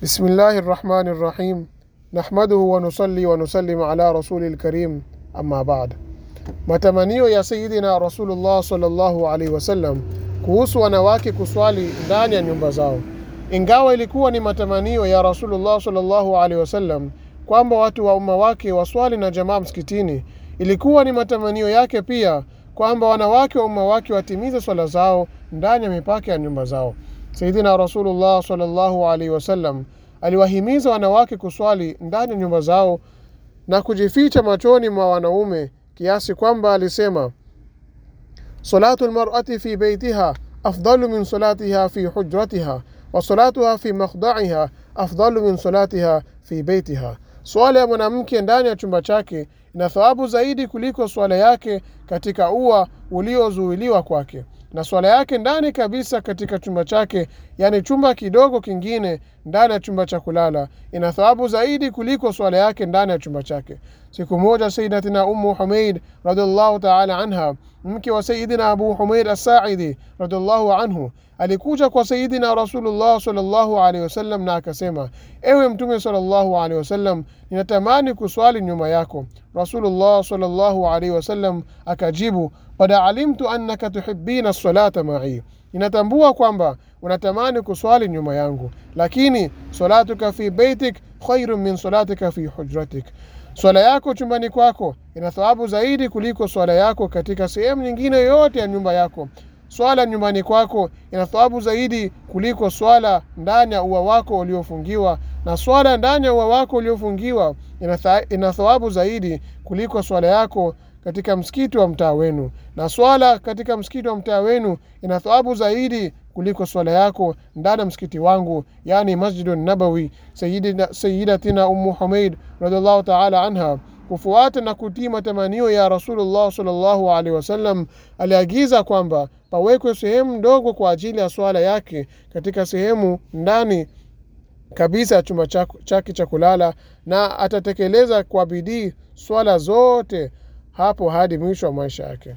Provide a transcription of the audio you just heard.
bismillahi rahmani الرحمن nahmaduhu wanusali wanusalim ونسلم rasuli lkarim الكريم أما matamanio ya sayidina rasulullah salllahu alaihi wasallam kuhusu wanawake kuswali ndani ya nyumba zao ingawa ilikuwa ni matamanio ya rasulullah salllahu alaihi wasallam kwamba watu wa umma wake waswali na jamaa msikitini ilikuwa ni matamanio yake pia kwamba wanawake wa umma wake watimize swala zao ndani ya mipaka ya nyumba zao Sayyidina Rasulullah sallallahu alaihi wasallam aliwahimiza wanawake kuswali ndani ya nyumba zao na kujificha machoni mwa wanaume, kiasi kwamba alisema, salatu lmarati fi beitiha afdalu min salatiha fi hujratiha wa salatuha fi makhdaiha afdalu min salatiha fi beitiha, swala ya mwanamke ndani ya chumba chake ina thawabu zaidi kuliko swala yake katika ua uliozuiliwa kwake na swala yake ndani kabisa katika chumba chake, yani chumba kidogo kingine ndani ya chumba cha kulala, ina thawabu zaidi kuliko swala yake ndani ya chumba chake. Siku moja Sayyidatina Ummu Humaid radhiallahu ta'ala anha, mke wa Sayyidina Abu Humaid As-Sa'idi radhiallahu anhu, alikuja kwa Sayyidina Rasulullah sallallahu alaihi wasallam na akasema, ewe Mtume sallallahu alaihi wasallam, ninatamani kuswali nyuma yako. Rasulullah sallallahu alaihi wasallam akajibu, qad alimtu annaka tuhibbina as-salata ma'i Ninatambua kwamba unatamani kuswali nyuma yangu, lakini salatuka fi baitik khairun min salatika fi hujratik Swala yako chumbani kwako ina thawabu zaidi kuliko swala yako katika sehemu nyingine yoyote ya nyumba yako. Swala nyumbani kwako ina thawabu zaidi kuliko swala ndani ya ua wako uliofungiwa, na swala ndani ya ua wako uliofungiwa ina thawabu zaidi kuliko swala yako katika msikiti wa mtaa wenu, na swala katika msikiti wa mtaa wenu ina thawabu zaidi kuliko swala yako ndani ya msikiti wangu, yani Masjid Nabawi. Sayyidatina Ummu Humaid radhiallahu ta'ala anha kufuata na kutii matamanio ya Rasulullah sallallahu alaihi wasallam, aliagiza kwamba pawekwe sehemu ndogo kwa ajili ya swala yake katika sehemu ndani kabisa ya chumba chake cha kulala, na atatekeleza kwa bidii swala zote hapo hadi mwisho wa maisha yake.